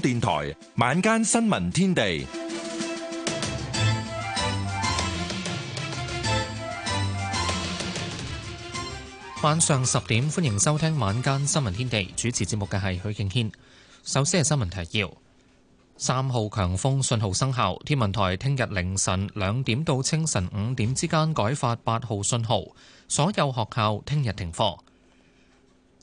電台晚，晚間新聞天地，晚上十點歡迎收聽晚間新聞天地。主持節目嘅係許敬軒，首先係新聞提要。三號強風信號生效，天文台聽日凌晨兩點到清晨五點之間改發八號信號，所有學校聽日停課。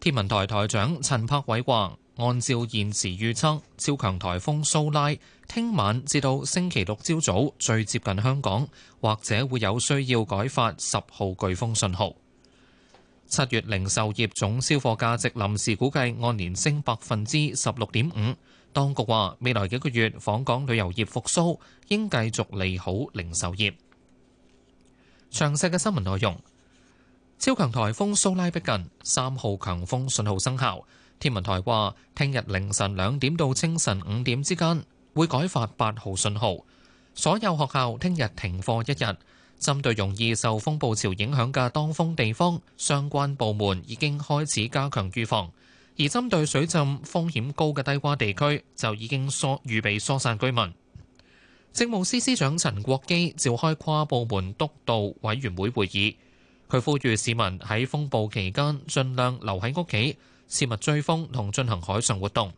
天文台台長陳柏偉話，按照現時預測，超強颱風蘇拉聽晚至到星期六朝早最接近香港，或者會有需要改發十號颶風信號。七月零售業總銷貨價值臨時估計按年升百分之十六點五。當局話未來幾個月訪港旅遊業復甦，應繼續利好零售業。詳細嘅新聞內容，超強颱風蘇拉逼近，三號強風信號生效。天文台話，聽日凌晨兩點到清晨五點之間會改發八號信號，所有學校聽日停課一日。針對容易受風暴潮影響嘅當風地方，相關部門已經開始加強預防；而針對水浸風險高嘅低洼地區，就已經疏預備疏散居民。政務司司長陳國基召開跨部門督導委員會會議，佢呼籲市民喺風暴期間盡量留喺屋企，切勿追風同進行海上活動。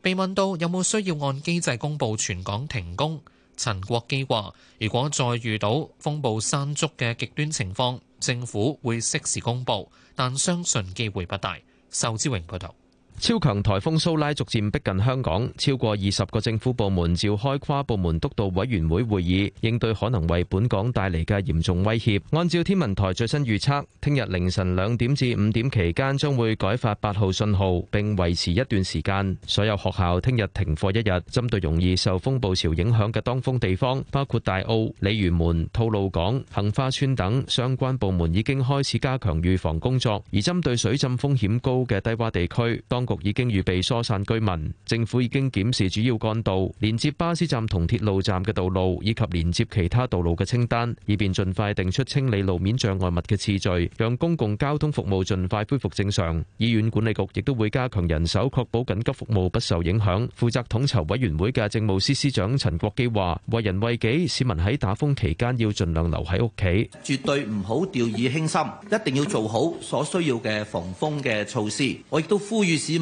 被問到有冇需要按機制公佈全港停工，陳國基話：如果再遇到風暴山竹嘅極端情況，政府會適時公佈，但相信機會不大。仇之榮報道。超強颱風蘇拉逐漸逼近香港，超過二十個政府部門召開跨部門督導委員會會議，應對可能為本港帶來的嚴重威脅。按照天文台最新預測，聽日凌晨兩點至五點期間將會改發八號信號，並維持一段時間。所有學校聽日停課一日，針對容易受風暴潮影響的當風地方，包括大澳、鯉魚門、吐露港、杏花邨等，相關部門已經開始加強預防工作，而針對水浸風險高的低洼地區，局已經預備疏散居民，政府已經檢視主要幹道、連接巴士站同鐵路站嘅道路以及連接其他道路嘅清單，以便盡快定出清理路面障礙物嘅次序，讓公共交通服務盡快恢復正常。醫院管理局亦都會加強人手，確保緊急服務不受影響。負責統籌委員會嘅政務司司長陳國基話：「為人為己，市民喺打風期間要盡量留喺屋企，絕對唔好掉以輕心，一定要做好所需要嘅防風嘅措施。我亦都呼籲市民，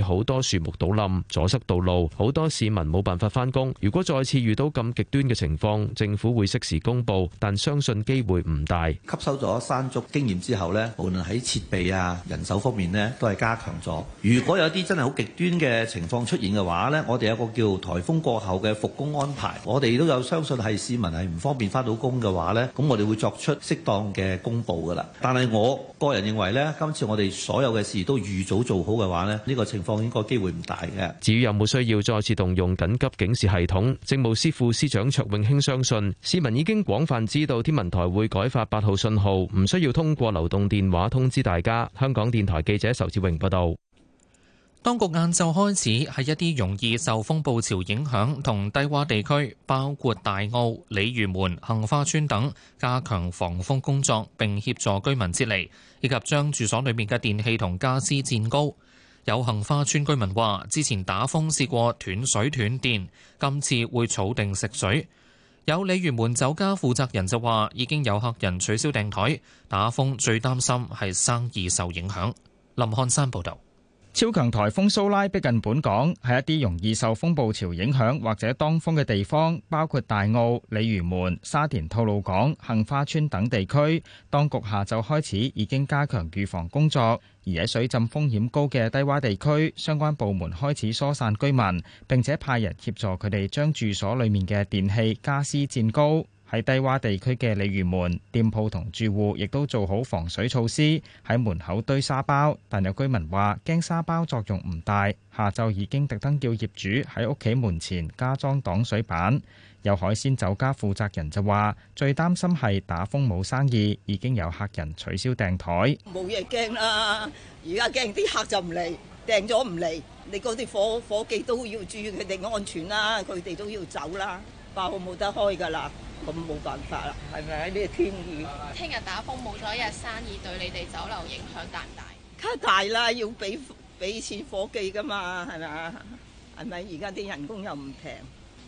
好多樹木倒冧，阻塞道路，好多市民冇辦法翻工。如果再次遇到咁極端嘅情況，政府會適時公布，但相信機會唔大。吸收咗山竹經驗之後呢，無論喺設備啊、人手方面呢，都係加強咗。如果有啲真係好極端嘅情況出現嘅話呢，我哋有個叫颱風過後嘅復工安排。我哋都有相信係市民係唔方便翻到工嘅話呢，咁我哋會作出適當嘅公布噶啦。但係我個人認為呢，今次我哋所有嘅事都預早做好嘅話呢，呢個情況。放呢個機會唔大嘅。至於有冇需要再次動用緊急警示系統，政務司副司長卓永興相信市民已經廣泛知道天文台會改發八號信號，唔需要通過流動電話通知大家。香港電台記者仇志榮報道，當局晏晝開始喺一啲容易受風暴潮影響同低洼地區，包括大澳、鯉魚門、杏花邨等，加強防風工作，並協助居民撤離，以及將住所裏面嘅電器同傢俬墊高。有杏花邨居民話：之前打風試過斷水斷電，今次會儲定食水。有鯉魚門酒家負責人就話：已經有客人取消訂枱，打風最擔心係生意受影響。林漢山報導。超強颱風蘇拉逼近本港，係一啲容易受風暴潮影響或者當風嘅地方，包括大澳、鯉魚門、沙田吐露港、杏花邨等地區。當局下晝開始已經加強預防工作，而喺水浸風險高嘅低窪地區，相關部門開始疏散居民，並且派人協助佢哋將住所裏面嘅電器、家私墊高。喺低洼地區嘅鯉魚門店鋪同住戶亦都做好防水措施，喺門口堆沙包。但有居民話驚沙包作用唔大，下晝已經特登叫業主喺屋企門前加裝擋水板。有海鮮酒家負責人就話最擔心係打風冇生意，已經有客人取消訂台。冇嘢驚啦，而家驚啲客就唔嚟，訂咗唔嚟。你嗰啲夥夥計都要注意佢哋安全啦，佢哋都要走啦。包冇得開噶啦，咁冇辦法啦，係咪呢個天意？聽日打風冇咗一日生意，對你哋酒樓影響大唔大？大啦，要俾俾錢伙計噶嘛，係咪啊？係咪而家啲人工又唔平？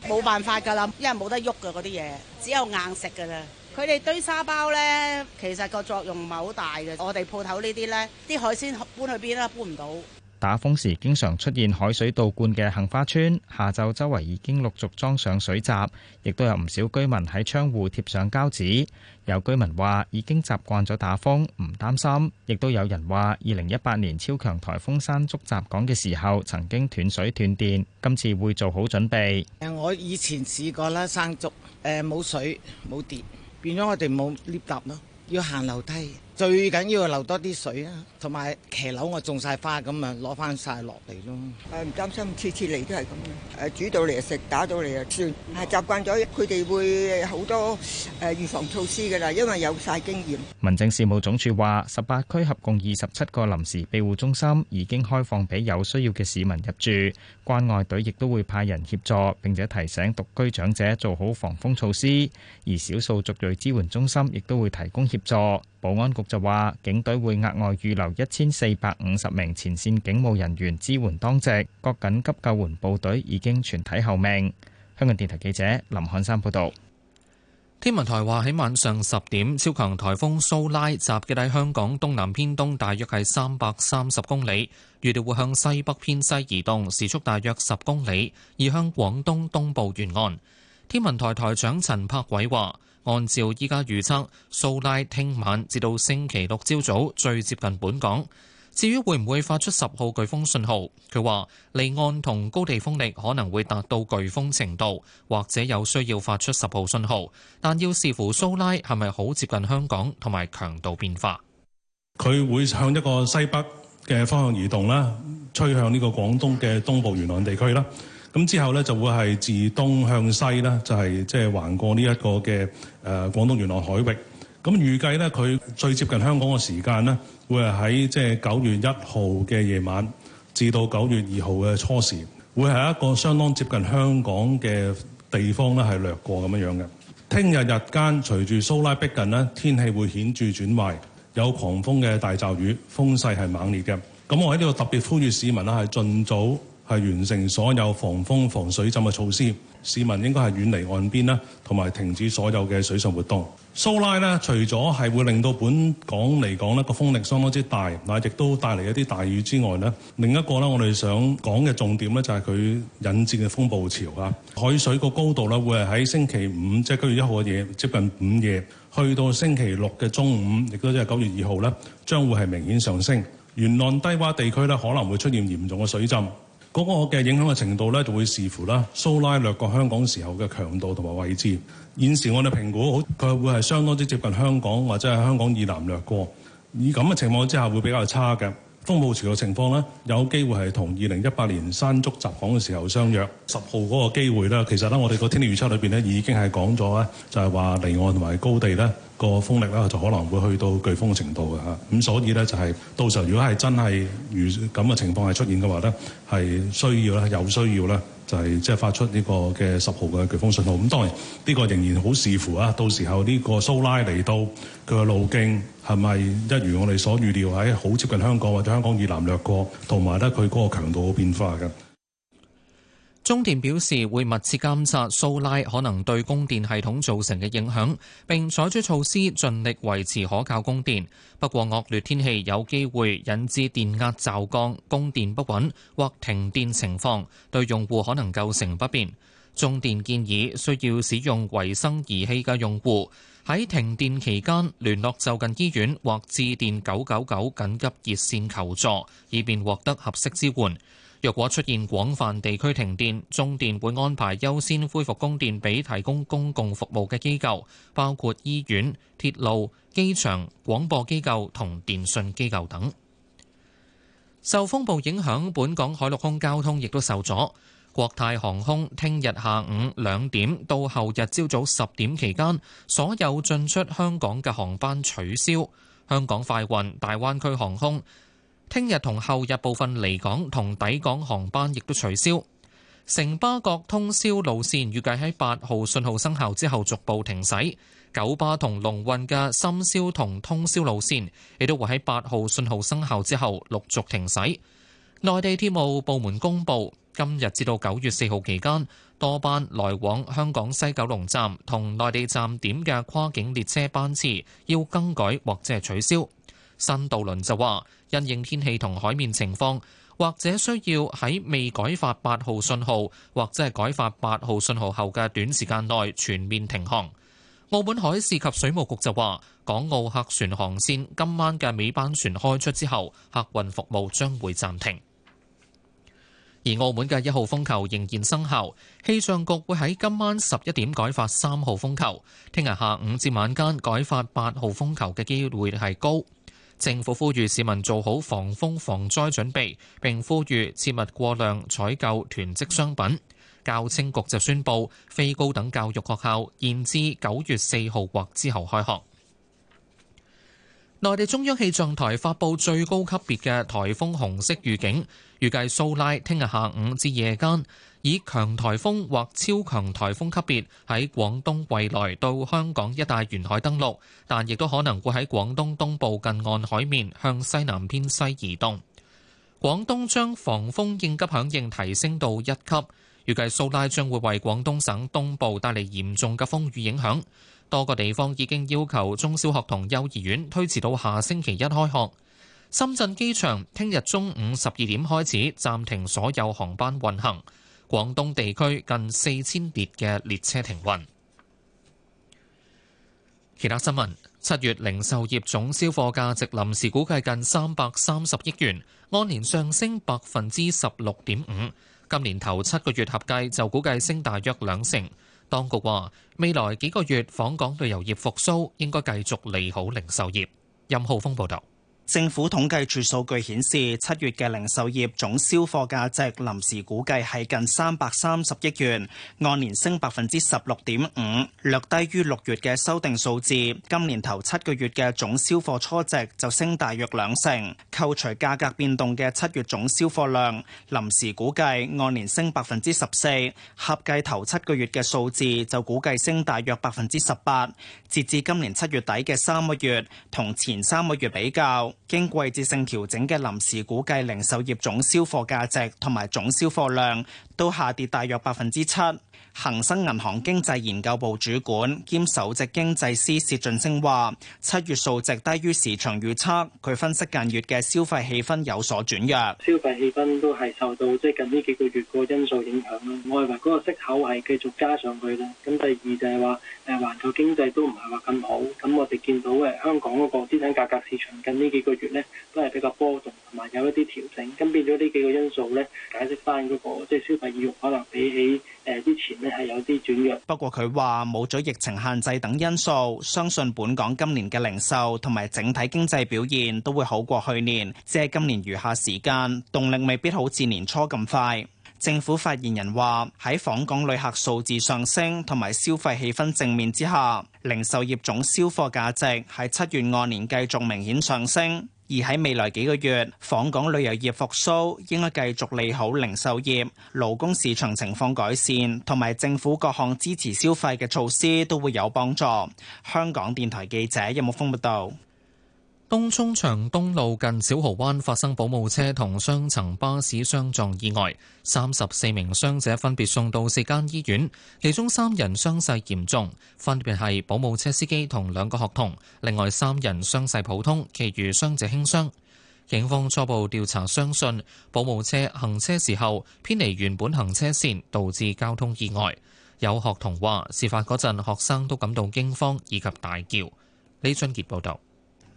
冇辦法噶啦，因為冇得喐噶嗰啲嘢，只有硬食噶啦。佢哋堆沙包咧，其實個作用唔係好大嘅。我哋鋪頭呢啲咧，啲海鮮搬去邊啊？搬唔到。打風時經常出現海水倒灌嘅杏花村，下晝周，周圍已經陸續裝上水閘，亦都有唔少居民喺窗戶貼上膠紙。有居民話已經習慣咗打風，唔擔心。亦都有人話，二零一八年超強颱風山竹襲港嘅時候，曾經斷水斷電，今次會做好準備。我以前試過啦，山竹冇水冇電，變咗我哋冇 lift 搭咯，要行樓梯。最緊要留多啲水啊，同埋騎樓我種曬花咁啊，攞翻曬落嚟咯。誒唔擔心，次次嚟都係咁嘅。誒煮到嚟就食，打到嚟就算。係習慣咗，佢哋會好多誒預防措施㗎啦，因為有曬經驗。民政事務總署話，十八區合共二十七個臨時庇護中心已經開放俾有需要嘅市民入住，關愛隊亦都會派人協助，並且提醒獨居長者做好防風措施。而少數族裔支援中心亦都會提供協助，保安局。就話警隊會額外預留一千四百五十名前線警務人員支援當值，各緊急救援部隊已經全體候命。香港電台記者林漢山報道。天文台話喺晚上十點，超強颱風蘇拉集結喺香港東南偏東大約係三百三十公里，預料會向西北偏西移動，時速大約十公里，移向廣東東部沿岸。天文台台長陳栢緯話。按照依家預測，蘇拉聽晚至到星期六朝早最接近本港。至於會唔會發出十號颶風信號，佢話離岸同高地風力可能會達到颶風程度，或者有需要發出十號信號，但要視乎蘇拉係咪好接近香港同埋強度變化。佢會向一個西北嘅方向移動啦，吹向呢個廣東嘅東部沿岸地區啦。咁之後咧就會係自東向西啦，就係即係橫過呢一個嘅誒、呃、廣東沿岸海域。咁預計咧佢最接近香港嘅時間咧，會係喺即係九月一號嘅夜晚至到九月二號嘅初時，會係一個相當接近香港嘅地方咧，係掠過咁樣樣嘅。聽日日間隨住蘇拉逼近咧，天氣會顯著轉壞，有狂風嘅大驟雨，風勢係猛烈嘅。咁我喺呢度特別呼籲市民啦，係盡早，係完成所有防風防水浸嘅措施，市民應該係遠離岸邊啦，同埋停止所有嘅水上活動。蘇拉呢，除咗係會令到本港嚟講呢個風力相當之大，嗱，亦都帶嚟一啲大雨之外呢，另一個呢，我哋想講嘅重點呢，就係佢引致嘅風暴潮啊！海水個高度呢，會係喺星期五即係九月一號嘅夜接近午夜，去到星期六嘅中午，亦都即係九月二號呢，將會係明顯上升。沿岸低窪地區呢，可能會出現嚴重嘅水浸。嗰個嘅影響嘅程度呢，就會視乎啦，蘇拉掠過香港時候嘅強度同埋位置。現時我哋評估好，佢會係相當之接近香港，或者係香港以南掠過。以咁嘅情況之下，會比較差嘅。風暴潮嘅情況呢，有機會係同二零一八年山竹襲港嘅時候相約。十號嗰個機會呢，其實呢，我哋個天氣預測裏邊呢已經係講咗咧，就係話離岸同埋高地呢個風力呢，就可能會去到颶風嘅程度嘅嚇，咁所以呢，就係到時候如果係真係如咁嘅情況係出現嘅話呢，係需要咧，有需要咧。就係即係發出呢個嘅十號嘅颶風信號。咁當然呢個仍然好視乎啊。到時候呢個蘇拉嚟到，佢嘅路徑係咪一如我哋所預料？喺好接近香港或者香港以南略過，同埋咧佢嗰個強度嘅變化嘅。中電表示會密切監察蘇拉可能對供電系統造成嘅影響，並採取措施盡力維持可靠供電。不過惡劣天氣有機會引致電壓驟降、供電不穩或停電情況，對用戶可能構成不便。中電建議需要使用維生儀器嘅用戶喺停電期間聯絡就近醫院或致電九九九緊急熱線求助，以便獲得合適支援。若果出現廣泛地區停電，中電會安排優先恢復供電俾提供公共服務嘅機構，包括醫院、鐵路、機場、廣播機構同電訊機構等。受風暴影響，本港海陸空交通亦都受阻。國泰航空聽日下午兩點到後日朝早十點期間，所有進出香港嘅航班取消。香港快運、大灣區航空。聽日同後日部分離港同抵港航班亦都取消，城巴各通宵路線預計喺八號信號生效之後逐步停駛，九巴同龍運嘅深宵同通宵路線亦都會喺八號信號生效之後陸續停駛。內地鐵務部門公佈，今日至到九月四號期間，多班來往香港西九龍站同內地站點嘅跨境列車班次要更改或者係取消。新渡輪就話。因應天氣同海面情況，或者需要喺未改發八號信號，或者係改發八號信號後嘅短時間內全面停航。澳門海事及水務局就話，港澳客船航線今晚嘅尾班船開出之後，客運服務將會暫停。而澳門嘅一號風球仍然生效，氣象局會喺今晚十一點改發三號風球，聽日下午至晚間改發八號風球嘅機會係高。政府呼籲市民做好防風防災準備，並呼籲切勿過量採購囤積商品。教青局就宣佈，非高等教育學校延至九月四號或之後開學。內地中央氣象台發布最高級別嘅颱風紅色預警，預計蘇拉聽日下午至夜間以強颱風或超強颱風級別喺廣東惠來到香港一帶沿海登陸，但亦都可能會喺廣東東部近岸海面向西南偏西移動。廣東將防風應急響應提升到一級，預計蘇拉將會為廣東省東部帶嚟嚴重嘅風雨影響。多個地方已經要求中小學同幼兒園推遲到下星期一開學。深圳機場聽日中午十二點開始暫停所有航班運行。廣東地區近四千列嘅列車停運。其他新聞：七月零售業總銷貨價值臨時估計近三百三十億元，按年上升百分之十六點五。今年頭七個月合計就估計升大約兩成。當局話未來幾個月訪港旅遊業復蘇，應該繼續利好零售業。任浩峰報道。政府統計處數據顯示，七月嘅零售業總銷貨價值臨時估計係近三百三十億元，按年升百分之十六點五，略低於六月嘅修訂數字。今年頭七個月嘅總銷貨初值就升大約兩成，扣除價格變動嘅七月總銷貨量臨時估計按年升百分之十四，合計頭七個月嘅數字就估計升大約百分之十八，截至今年七月底嘅三個月同前三個月比較，經季節性調整嘅臨時估計，零售業總銷貨價值同埋總銷貨量都下跌大約百分之七。恒生銀行經濟研究部主管兼首席經濟師薛俊升話：七月數值低於市場預測。佢分析近月嘅消費氣氛有所轉弱，消費氣氛都係受到即係近呢幾個月個因素影響啦。我以為嗰個息口係繼續加上去啦。咁第二就係話誒，環球經濟都唔係話咁好。咁我哋見到誒，香港嗰個資產價格市場近呢幾個月咧都係比較波動同埋有一啲調整。咁變咗呢幾個因素咧、那個，解釋翻嗰個即係消費意欲可能比起。誒，之前呢係有啲轉弱，不過佢話冇咗疫情限制等因素，相信本港今年嘅零售同埋整體經濟表現都會好過去年。即係今年餘下時間動力未必好似年初咁快。政府發言人話喺訪港旅客數字上升同埋消費氣氛正面之下，零售業總銷貨價值喺七月按年繼續明顯上升。而喺未來幾個月，訪港旅遊業復甦應該繼續利好零售業，勞工市場情況改善，同埋政府各項支持消費嘅措施都會有幫助。香港電台記者任木峯報道。東涌長東路近小蠔灣發生保姆車同雙層巴士相撞意外，三十四名傷者分別送到四間醫院，其中三人傷勢嚴重，分別係保姆車司機同兩個學童；另外三人傷勢普通，其餘傷者輕傷。警方初步調查，相信保姆車行車時候偏離原本行車線，導致交通意外。有學童話，事發嗰陣學生都感到驚慌以及大叫。李俊杰報道。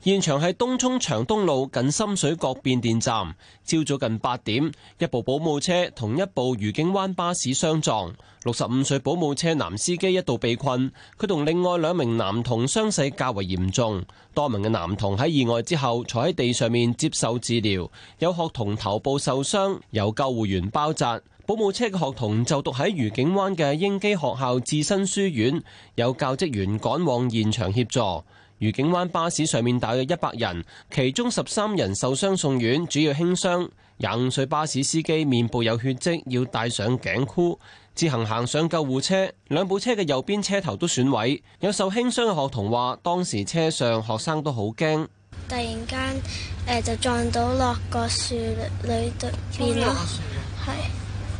現場係東涌長東路近深水角變電站，朝早近八點，一部保姆車同一部愉景灣巴士相撞，六十五歲保姆車男司機一度被困，佢同另外兩名男童傷勢較為嚴重。多名嘅男童喺意外之後坐喺地上面接受治療，有學童頭部受傷，有救護員包紮。保姆車嘅學童就讀喺愉景灣嘅英基學校智新書院，有教職員趕往現場協助。愉景灣巴士上面大約一百人，其中十三人受傷送院，主要輕傷。廿五歲巴士司機面部有血跡，要戴上頸箍自行行上救護車。兩部車嘅右邊車頭都損毀。有受輕傷嘅學童話，當時車上學生都好驚。突然間、呃、就撞到落個樹裏度邊咯，呃、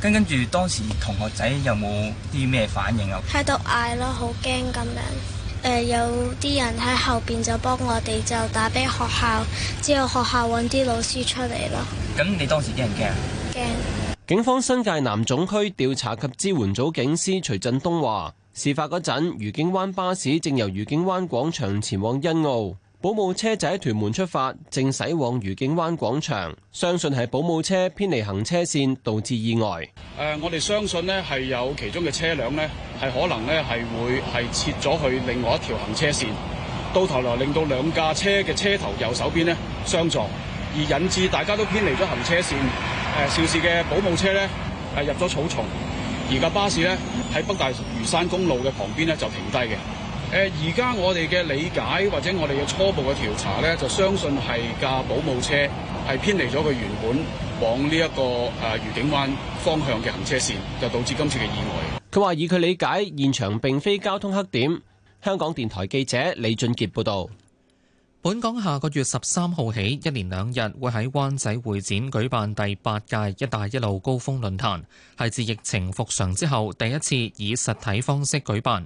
是跟住當時同學仔有冇啲咩反應啊？喺度嗌咯，好驚咁樣。誒，有啲人喺後邊就幫我哋就打俾學校，之後學校搵啲老師出嚟咯。咁你當時驚唔驚？驚怕。警方新界南總區調查及支援組警司徐振東話，事發嗰陣，愉景灣巴士正由愉景灣廣場前往欣澳。保姆車就喺屯門出發，正駛往愉景灣廣場，相信係保姆車偏離行車線導致意外。誒、呃,我哋相信咧係有其中嘅車輛咧係可能咧係會係切咗去另外一條行車線，到頭來令到兩架車嘅車頭右手邊咧相撞，而引致大家都偏離咗行車線。誒，肇事嘅保姆車咧係入咗草叢，而架巴士咧喺北大嶼山公路嘅旁邊咧就停低嘅。誒，而家我哋嘅理解或者我哋嘅初步嘅調查呢，就相信係架保姆車係偏離咗佢原本往呢一個誒愉景灣方向嘅行車線，就導致今次嘅意外。佢話：以佢理解，現場並非交通黑點。香港電台記者李俊傑報道。本港下個月十三號起一連兩日會喺灣仔會展舉辦第八屆「一帶一路」高峰論壇，係自疫情復常之後第一次以實體方式舉辦。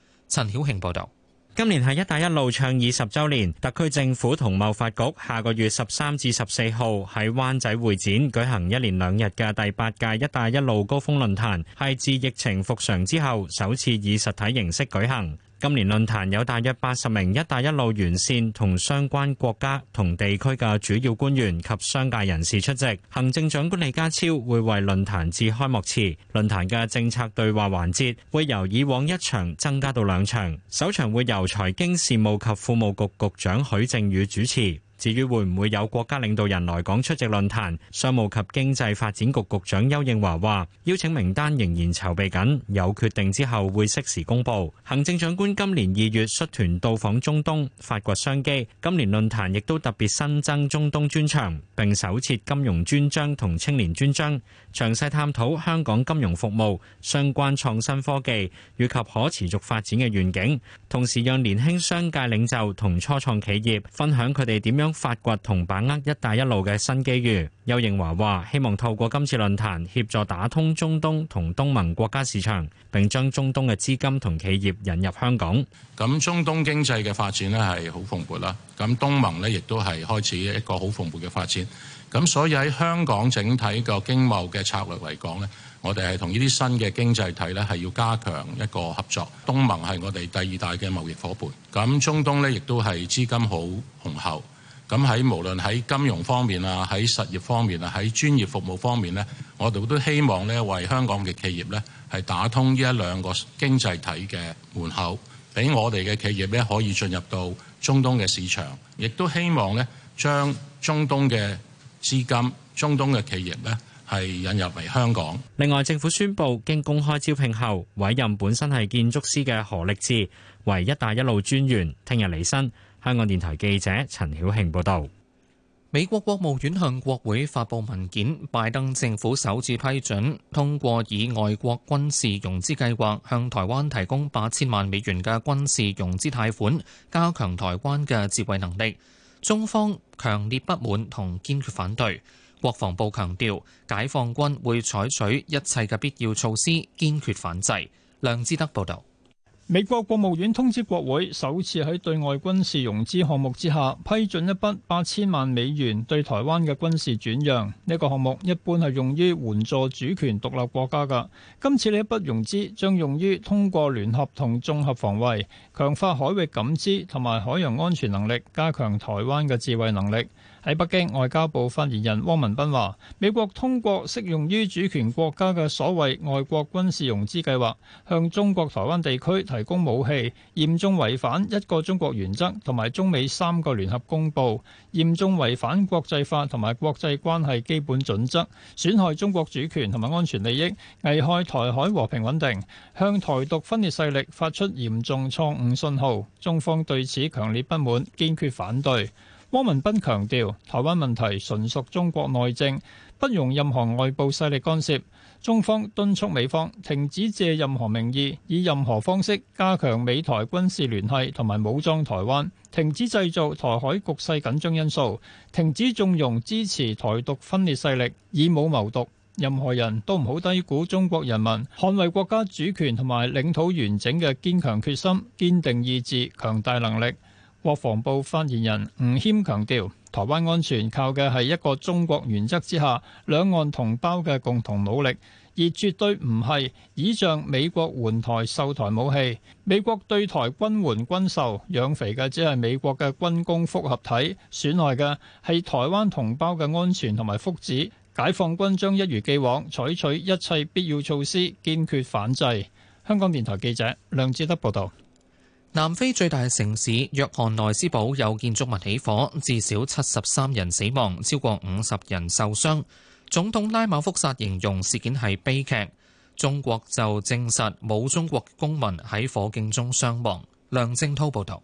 陳曉慶報道：今年係“一帶一路”倡議十周年，特區政府同貿發局下個月十三至十四號喺灣仔會展舉行一連兩日嘅第八屆“一帶一路”高峰論壇，係自疫情復常之後首次以實體形式舉行。今年論壇有大約八十名「一帶一路」沿線同相關國家同地區嘅主要官員及商界人士出席。行政長官李家超會為論壇致開幕詞，論壇嘅政策對話環節會由以往一場增加到兩場，首場會由財經事務及庫務局局長許正宇主持。至於會唔會有國家領導人來港出席論壇？商務及經濟發展局局長丘應樺話：邀請名單仍然籌備緊，有決定之後會適時公佈。行政長官今年二月率團到訪中東，發掘商機。今年論壇亦都特別新增中東專場，並首設金融專章同青年專章，詳細探討香港金融服務相關創新科技以及可持續發展嘅願景，同時讓年輕商界領袖同初創企業分享佢哋點樣發掘同把握一帶一路嘅新機遇，邱應樺話，希望透過今次論壇，協助打通中東同東盟國家市場，並將中東嘅資金同企業引入香港。咁中東經濟嘅發展呢係好蓬勃啦，咁東盟呢亦都係開始一個好蓬勃嘅發展。咁所以喺香港整體個經貿嘅策略嚟講呢，我哋係同呢啲新嘅經濟體呢係要加強一個合作。東盟係我哋第二大嘅貿易夥伴，咁中東呢亦都係資金好雄厚。咁喺無論喺金融方面啊，喺實業方面啊，喺專業服務方面咧，我哋都希望咧，為香港嘅企業咧，係打通呢一兩個經濟體嘅門口，俾我哋嘅企業咧，可以進入到中東嘅市場，亦都希望咧，將中東嘅資金、中東嘅企業咧，係引入嚟香港。另外，政府宣布經公開招聘後委任本身係建築師嘅何力志為「一帶一路」專員，聽日離任。香港電台記者陳曉慶報道，美國國務院向國會發佈文件，拜登政府首次批准通過以外國軍事融資計劃向台灣提供八千萬美元嘅軍事融資貸款，加強台灣嘅自衛能力。中方強烈不滿同堅決反對。國防部強調，解放軍會採取一切嘅必要措施，堅決反制。梁志德報道。美國國務院通知國會，首次喺對外軍事融資項目之下批准一筆八千萬美元對台灣嘅軍事轉讓。呢個項目一般係用於援助主權獨立國家嘅。今次呢一筆融資將用於通過聯合同綜合防衛，強化海域感知同埋海洋安全能力，加強台灣嘅自衛能力。喺北京，外交部發言人汪文斌話，美國通過適用於主權國家嘅所謂外國軍事融資計劃，向中國台灣地區提供武器，嚴重違反一個中國原則同埋中美三個聯合公報，嚴重違反國際法同埋國際關係基本準則，損害中國主權同埋安全利益，危害台海和平穩定，向台獨分裂勢力發出嚴重錯誤信號，中方對此強烈不滿，堅決反對。汪文斌強調，台灣問題純屬中國內政，不容任何外部勢力干涉。中方敦促美方停止借任何名義，以任何方式加強美台軍事聯繫同埋武裝台灣，停止製造台海局勢緊張因素，停止縱容支持台獨分裂勢力，以武謀獨。任何人都唔好低估中國人民捍衛國家主權同埋領土完整嘅堅強決心、堅定意志、強大能力。國防部發言人吳謙強調，台灣安全靠嘅係一個中國原則之下兩岸同胞嘅共同努力，而絕對唔係倚仗美國援台售台武器。美國對台軍援軍售養肥嘅只係美國嘅軍工複合體，損害嘅係台灣同胞嘅安全同埋福祉。解放軍將一如既往採取一切必要措施，堅決反制。香港電台記者梁志德報道。南非最大城市約翰內斯堡有建築物起火，至少七十三人死亡，超過五十人受傷。總統拉馬福薩形容事件係悲劇，中國就證實冇中國公民喺火警中傷亡。梁正濤報道。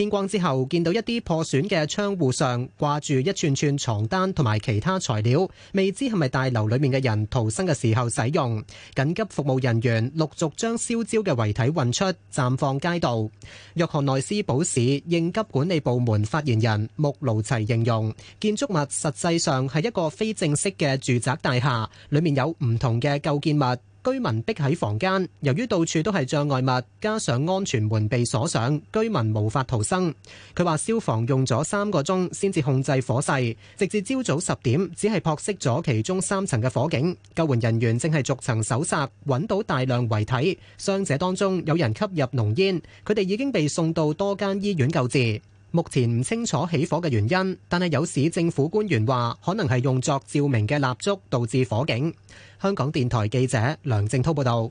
天光之後，見到一啲破損嘅窗戶上掛住一串串床單同埋其他材料，未知係咪大樓裡面嘅人逃生嘅時候使用。緊急服務人員陸續將燒焦嘅遺體運出，暫放街道。約翰內斯堡市應急管理部門發言人穆勞齊形容，建築物實際上係一個非正式嘅住宅大廈，裡面有唔同嘅構建物。居民逼喺房間，由於到處都係障礙物，加上安全門被鎖上，居民無法逃生。佢話消防用咗三個鐘先至控制火勢，直至朝早十點，只係撲熄咗其中三層嘅火警。救援人員正係逐層搜查，揾到大量遺體，傷者當中有人吸入濃煙，佢哋已經被送到多間醫院救治。目前唔清楚起火嘅原因，但係有市政府官員話可能係用作照明嘅蠟燭導致火警。香港電台記者梁靜濤報道。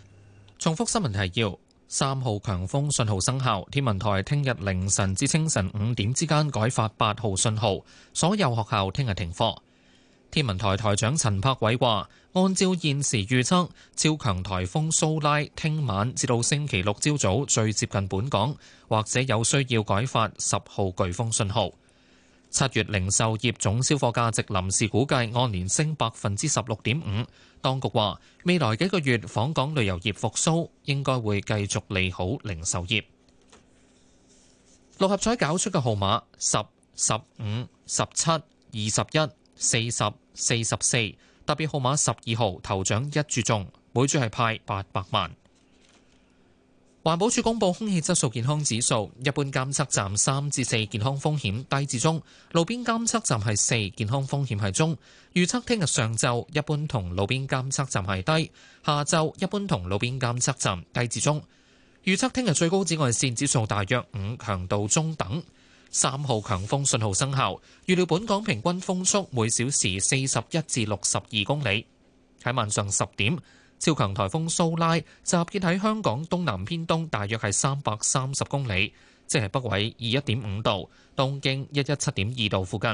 重複新聞提要：三號強風信號生效，天文台聽日凌晨至清晨五點之間改發八號信號，所有學校聽日停課。天文台台長陳柏偉話，按照現時預測，超強颱風蘇拉聽晚至到星期六朝早最接近本港，或者有需要改發十號颶風信號。七月零售業總銷貨價值臨時估計按年升百分之十六點五。當局話，未來幾個月訪港旅遊業復蘇應該會繼續利好零售業。六合彩搞出嘅號碼：十、十五、十七、二十一。四十四十四，40, 44, 特別號碼十二號，頭獎一注中，每注係派八百萬。環保署公布空氣質素健康指數，一般監測站三至四，健康風險低至中；路邊監測站係四，健康風險係中。預測聽日上晝一般同路邊監測站係低，下晝一般同路邊監測站低至中。預測聽日最高紫外線指數大約五，強度中等。三號強風信號生效，預料本港平均風速每小時四十一至六十二公里。喺晚上十點，超強颱風蘇拉集結喺香港東南偏東大約係三百三十公里，即係北緯二一點五度、東經一一七點二度附近，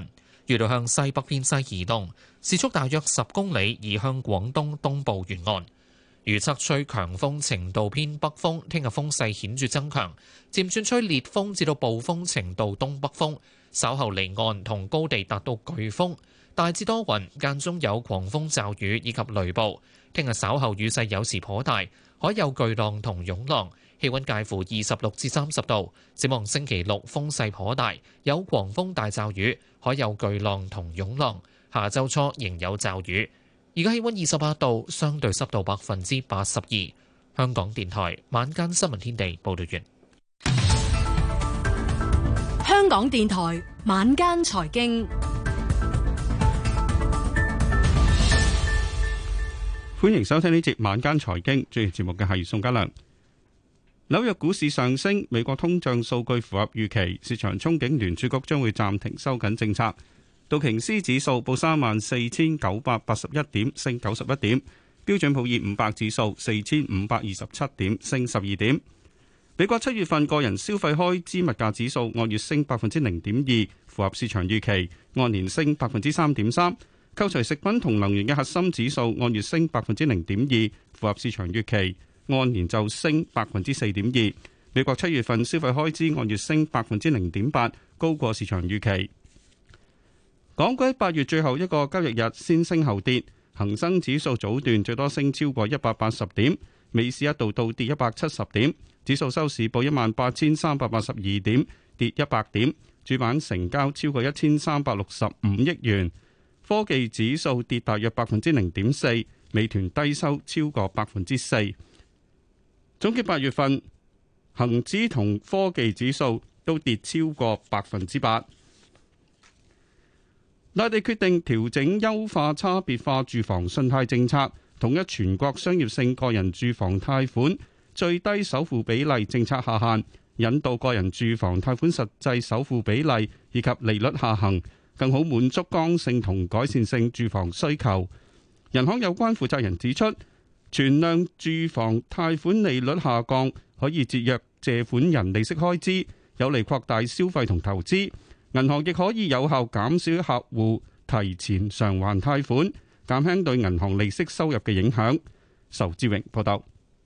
預料向西北偏西移動，時速大約十公里，移向廣東東部沿岸。預測吹強風程度偏北風，聽日風勢顯著增強，漸轉吹烈風至到暴風程度東北風，稍後離岸同高地達到颶風，大致多雲，間中有狂風驟雨以及雷暴。聽日稍後雨勢有時頗大，海有巨浪同湧浪，氣溫介乎二十六至三十度。展望星期六風勢頗大，有狂風大驟雨，海有巨浪同湧浪。下周初仍有驟雨。而家氣溫二十八度，相對濕度百分之八十二。香港電台晚間新聞天地報道完。香港電台晚間財經，歡迎收聽呢節晚間財經。主持節目嘅係宋家良。紐約股市上升，美國通脹數據符合預期，市場憧憬聯儲局將會暫停收緊政策。道瓊斯指數報三萬四千九百八十一點，升九十一點；標準普爾五百指數四千五百二十七點，升十二點。美國七月份個人消費開支物價指數按月升百分之零點二，符合市場預期；按年升百分之三點三。扣除食品同能源嘅核心指數按月升百分之零點二，符合市場預期；按年就升百分之四點二。美國七月份消費開支按月升百分之零點八，高過市場預期。港股喺八月最後一個交易日先升後跌，恒生指數早段最多升超過一百八十點，尾市一度倒跌一百七十點，指數收市報一萬八千三百八十二點，跌一百點，主板成交超過一千三百六十五億元，科技指數跌大約百分之零點四，美團低收超過百分之四。總結八月份，恒指同科技指數都跌超過百分之八。內地決定調整優化差別化住房信貸政策，統一全國商業性個人住房貸款最低首付比例政策下限，引導個人住房貸款實際首付比例以及利率下行，更好滿足剛性同改善性住房需求。人行有關負責人指出，存量住房貸款利率下降可以節約借款人利息開支，有利擴大消費同投資。銀行亦可以有效減少客戶提前償還貸款，減輕對銀行利息收入嘅影響。仇志榮報道。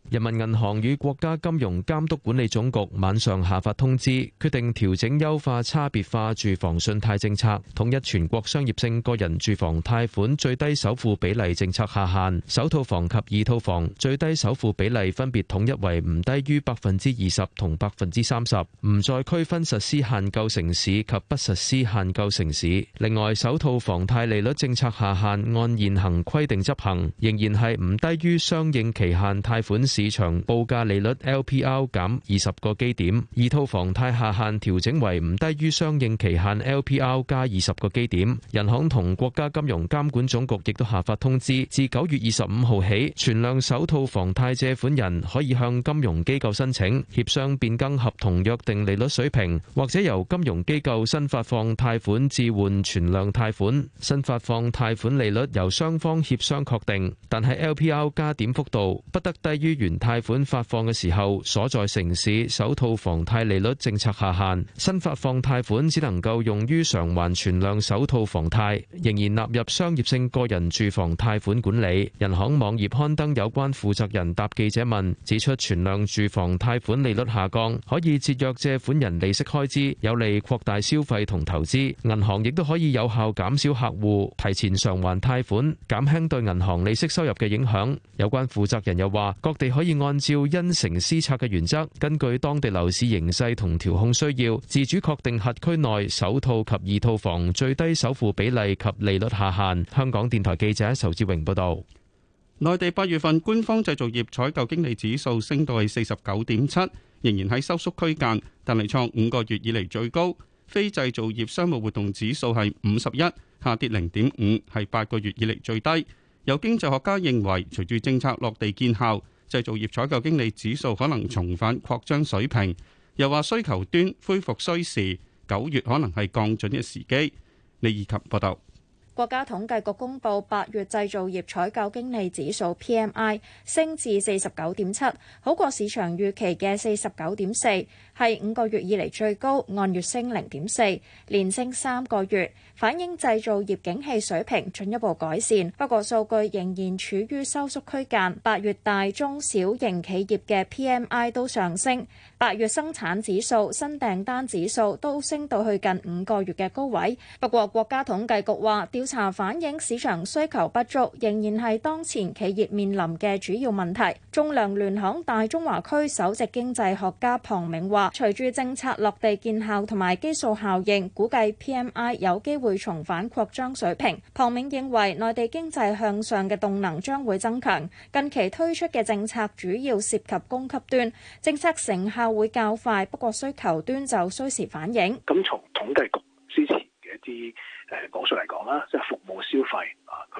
人民銀行與國家金融監督管理總局晚上下發通知，決定調整優化差別化住房信貸政策，統一全國商業性個人住房貸款最低首付比例政策下限。首套房及二套房最低首付比例分別統一為唔低於百分之二十同百分之三十，唔再區分實施限購城市及不實施限購城市。另外，首套房貸利率政策下限按現行規定執行，仍然係唔低於相應期限貸款，市場報價利率 LPR 減二十個基點，二套房貸下限調整為唔低於相應期限 LPR 加二十個基點。人行同國家金融監管總局亦都下發通知，自九月二十五號起，存量首套房貸借款人可以向金融機構申請協商變更合同約定利率水平，或者由金融機構新發放貸款置換存量貸款，新發放貸款利率由雙方協商確定，但係 LPR 加點幅度不得低於原。貸款發放嘅時候，所在城市首套房貸利率政策下限，新發放貸款只能夠用於償還存量首套房貸，仍然納入商業性個人住房貸款管理。人行網頁刊登有關負責人答記者問，指出存量住房貸款利率下降可以節約借款人利息開支，有利擴大消費同投資。銀行亦都可以有效減少客戶提前償還貸款，減輕對銀行利息收入嘅影響。有關負責人又話，各地，可以按照因城施策嘅原則，根據當地樓市形勢同調控需要，自主確定轄區內首套及二套房最低首付比例及利率下限。香港電台記者仇志榮報道。內地八月份官方製造業採購經理指數升到位四十九點七，仍然喺收縮區間，但係創五個月以嚟最高。非製造業商務活動指數係五十一，下跌零點五，係八個月以嚟最低。有經濟學家認為，隨住政策落地見效。製造業採購經理指數可能重返擴張水平，又話需求端恢復需時，九月可能係降準嘅時機。李怡及報道。國家統計局公布八月製造業採購經理指數 PMI 升至四十九點七，好過市場預期嘅四十九點四。係五個月以嚟最高，按月升零點四，連升三個月，反映製造業景氣水平進一步改善。不過數據仍然處於收縮區間。八月大中小型企業嘅 PMI 都上升，八月生產指數、新訂單指數都升到去近五個月嘅高位。不過國家統計局話，調查反映市場需求不足，仍然係當前企業面臨嘅主要問題。仲量聯行大中華區首席經濟學家龐明話，隨住政策落地見效同埋基數效應，估計 PMI 有機會重返擴張水平。龐明認為，內地經濟向上嘅動能將會增強。近期推出嘅政策主要涉及供給端，政策成效會較快，不過需求端就需時反映。咁從統計局之前嘅一啲誒講述嚟講啦，即係服務消費。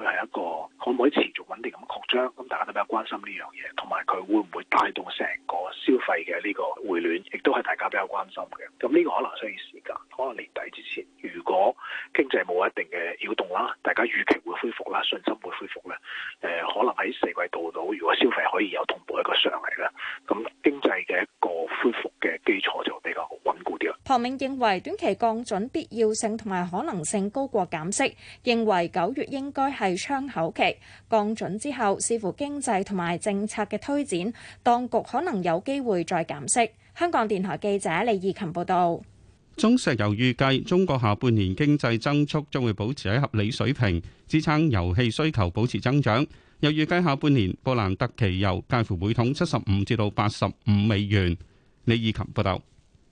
佢係一個可唔可以持續穩定咁擴張？咁大家都比較關心呢樣嘢，同埋佢會唔會帶動成個消費嘅呢個回暖？亦都係大家比較關心嘅。咁呢個可能需要時間，可能年底之前，如果經濟冇一定嘅擾動啦，大家預期會恢復啦，信心會恢復咧，誒，可能喺四季度度，如果消費可以有同步一個上嚟咧，咁經濟嘅一個恢復嘅基礎就比較穩固啲啦。龐明認為短期降準必要性同埋可能性高過減息，認為九月應該係。窗口期降準之後，視乎經濟同埋政策嘅推展，當局可能有機會再減息。香港電台記者李義琴報道。中石油預計中國下半年經濟增速將會保持喺合理水平，支撐油氣需求保持增長。又預計下半年布蘭特期油介乎每桶七十五至到八十五美元。李義琴報道。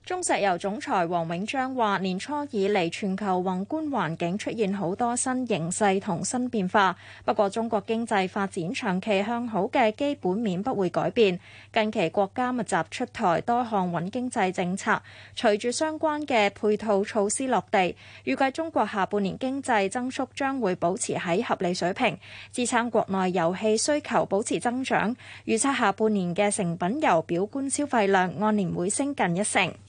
中石油總裁王永章話：年初以嚟，全球宏觀環境出現好多新形勢同新變化。不過，中國經濟發展長期向好嘅基本面不會改變。近期國家密集出台多項穩經濟政策，隨住相關嘅配套措施落地，預計中國下半年經濟增速將會保持喺合理水平。支撐國內油氣需求保持增長，預測下半年嘅成品油表觀消費量按年會升近一成。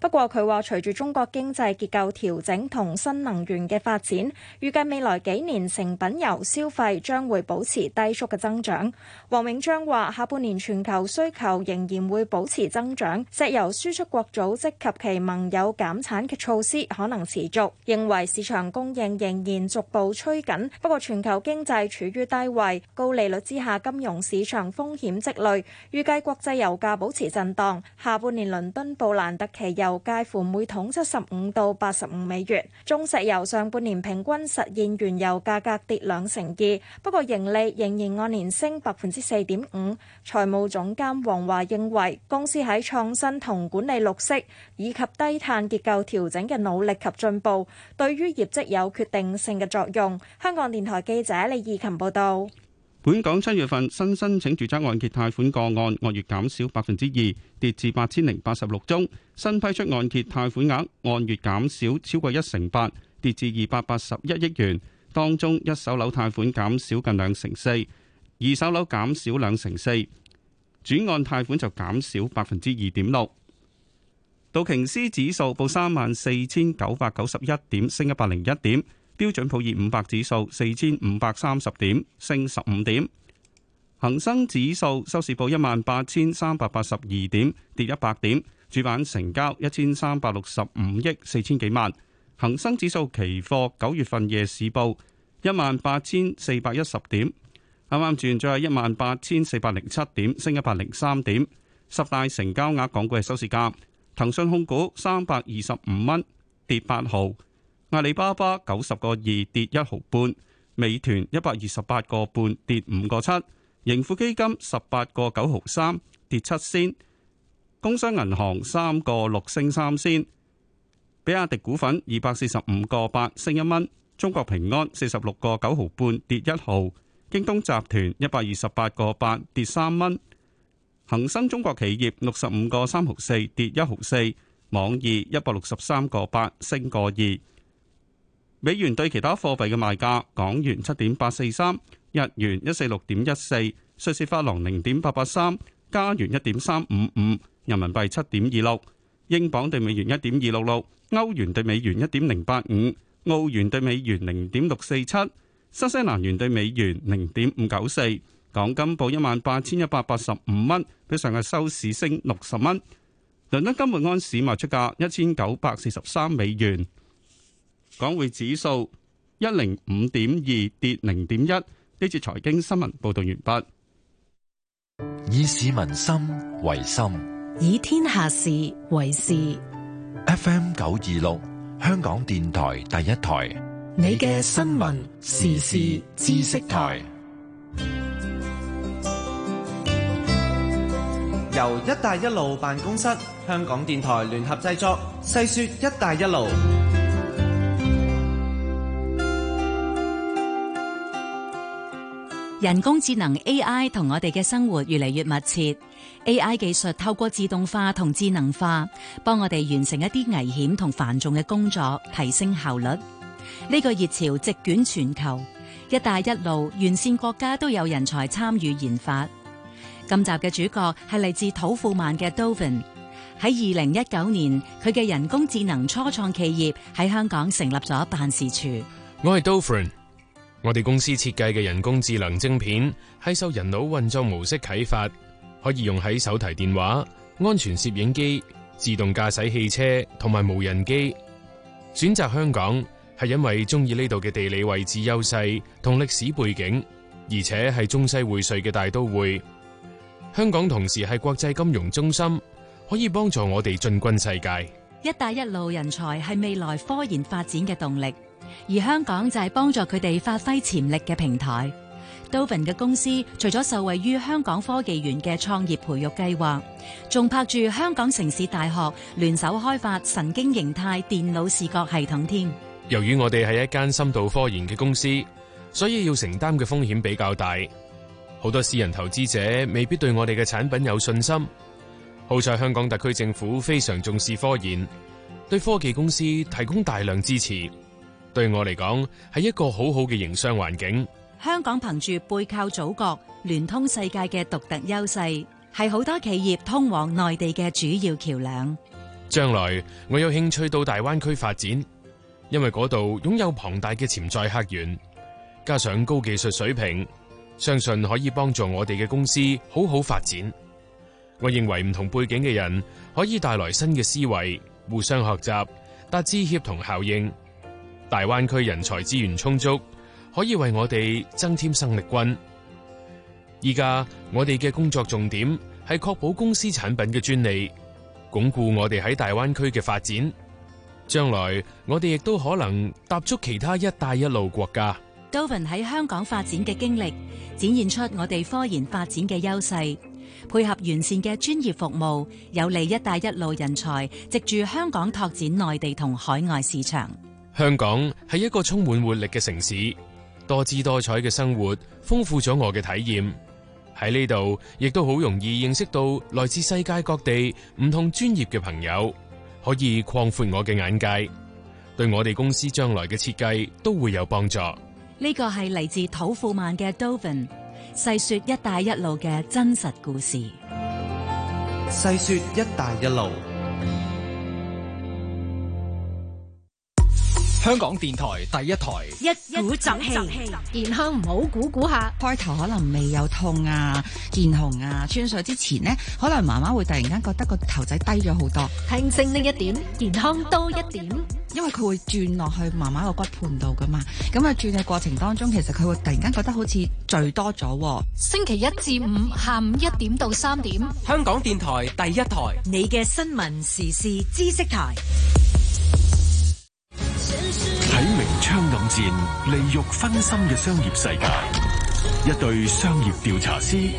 不過佢話，隨住中國經濟結構調整同新能源嘅發展，預計未來幾年成品油消費將會保持低速嘅增長。黃永章話：下半年全球需求仍然會保持增長，石油輸出國組織及其盟友減產嘅措施可能持續。認為市場供應仍然逐步趨緊，不過全球經濟處於低位，高利率之下金融市場風險積累，預計國際油價保持震盪。下半年倫敦布蘭特期油介乎每桶七十五到八十五美元。中石油上半年平均實現原油價格跌兩成二，不過盈利仍然按年升百分之四點五。財務總監黃華認為，公司喺創新同管理綠色以及低碳結構調整嘅努力及進步，對於業績有決定性嘅作用。香港電台記者李義琴報道。本港七月份新申請住宅按揭貸款個案按月減少百分之二，跌至八千零八十六宗；新批出按揭貸款額按月減少超過一成八，跌至二百八十一億元。當中一手樓貸款減少近兩成四，二手樓減少兩成四，轉按貸款就減少百分之二點六。道瓊斯指數報三萬四千九百九十一點，升一百零一點。標準普爾五百指數四千五百三十點，升十五點。恒生指數收市報一萬八千三百八十二點，跌一百點。主板成交一千三百六十五億四千幾萬。恒生指數期貨九月份夜市報一萬八千四百一十點，啱啱轉咗係一萬八千四百零七點，升一百零三點。十大成交額港股嘅收市價，騰訊控股三百二十五蚊，跌八毫。阿里巴巴九十個二跌一毫半，美團一百二十八個半跌五個七，盈富基金十八個九毫三跌七仙，工商銀行三個六升三仙，比亞迪股份二百四十五個八升一蚊，中國平安四十六個九毫半跌一毫，京東集團一百二十八個八跌三蚊，恒生中國企業六十五個三毫四跌一毫四，網易一百六十三個八升個二。美元對其他貨幣嘅賣價：港元七點八四三，日元一四六點一四，瑞士法郎零點八八三，加元一點三五五，人民幣七點二六，英鎊對美元一點二六六，歐元對美元一點零八五，澳元對美元零點六四七，新西蘭元對美元零點五九四。港金報一萬八千一百八十五蚊，比上日收市升六十蚊。倫敦金每盎司賣出價一千九百四十三美元。港匯指數一零五點二，跌零點一。呢次財經新聞報道完畢。以市民心為心，以天下事為事。FM 九二六，香港電台第一台，你嘅新聞時事知識台，由一帶一路辦公室、香港電台聯合製作，細說一帶一路。人工智能 AI 同我哋嘅生活越嚟越密切。AI 技術透過自動化同智能化，幫我哋完成一啲危險同繁重嘅工作，提升效率。呢、這個熱潮席捲全球，一帶一路沿線國家都有人才參與研發。今集嘅主角係嚟自土庫曼嘅 Dolphin。喺二零一九年，佢嘅人工智能初創企業喺香港成立咗辦事處。我係 Dolphin。我哋公司設計嘅人工智能晶片係受人腦運作模式啟發，可以用喺手提電話、安全攝影機、自動駕駛汽車同埋無人機。選擇香港係因為中意呢度嘅地理位置優勢同歷史背景，而且係中西薈萃嘅大都會。香港同時係國際金融中心，可以幫助我哋進軍世界。一帶一路人才係未來科研發展嘅動力。而香港就係幫助佢哋發揮潛力嘅平台。Dovin 嘅公司除咗受惠於香港科技園嘅創業培育計劃，仲拍住香港城市大學聯手開發神經形態電腦視覺系統添。由於我哋係一間深度科研嘅公司，所以要承擔嘅風險比較大。好多私人投資者未必對我哋嘅產品有信心。好彩香港特區政府非常重視科研，對科技公司提供大量支持。對我嚟講，係一個好好嘅營商環境。香港憑住背靠祖國、聯通世界嘅獨特優勢，係好多企業通往內地嘅主要橋樑。將來我有興趣到大灣區發展，因為嗰度擁有龐大嘅潛在客源，加上高技術水平，相信可以幫助我哋嘅公司好好發展。我認為唔同背景嘅人可以帶來新嘅思維，互相學習，達至協同效應。大灣區人才資源充足，可以為我哋增添生力軍。依家我哋嘅工作重點係確保公司產品嘅專利，鞏固我哋喺大灣區嘅發展。將來我哋亦都可能踏足其他“一帶一路”國家。Dovin 喺香港發展嘅經歷，展現出我哋科研發展嘅優勢，配合完善嘅專業服務，有利“一帶一路”人才，藉住香港拓展內地同海外市場。香港係一個充滿活力嘅城市，多姿多彩嘅生活豐富咗我嘅體驗。喺呢度亦都好容易認識到來自世界各地唔同專業嘅朋友，可以擴闊我嘅眼界，對我哋公司將來嘅設計都會有幫助。呢個係嚟自土庫曼嘅 Dolphin 細説「一帶一路」嘅真實故事，細説「一帶一路」。香港電台第一台，一鼓作氣，健康唔好估估下。開頭可能未有痛啊、見紅啊，穿水之前呢，可能媽媽會突然間覺得個頭仔低咗好多。聽聲呢一點，健康多一點。因為佢會轉落去媽媽個骨盆度噶嘛，咁啊轉嘅過程當中，其實佢會突然間覺得好似墜多咗。星期一至五下午一點到三點，香港電台第一台，你嘅新聞時事知識台。明槍暗箭，利欲燻心嘅商業世界，一對商業調查師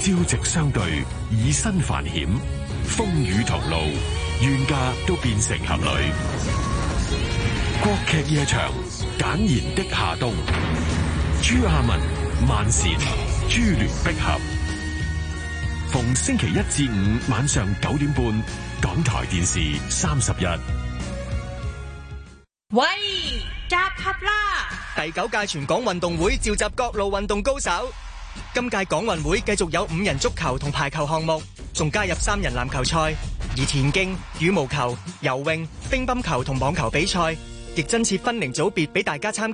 朝夕相對，以身犯險，風雨同路，冤家都變成情侶。國劇夜場，簡言的夏冬，朱亞文、萬茜、珠聯璧合，逢星期一至五晚上九點半，港台電視三十日。喂，集合啦！第九屆全港運動會召集各路運動高手。今屆港運會繼續有五人足球同排球項目，仲加入三人籃球賽，而田徑、羽毛球、游泳、乒乓球同網球比賽亦增設分齡組別俾大家參與。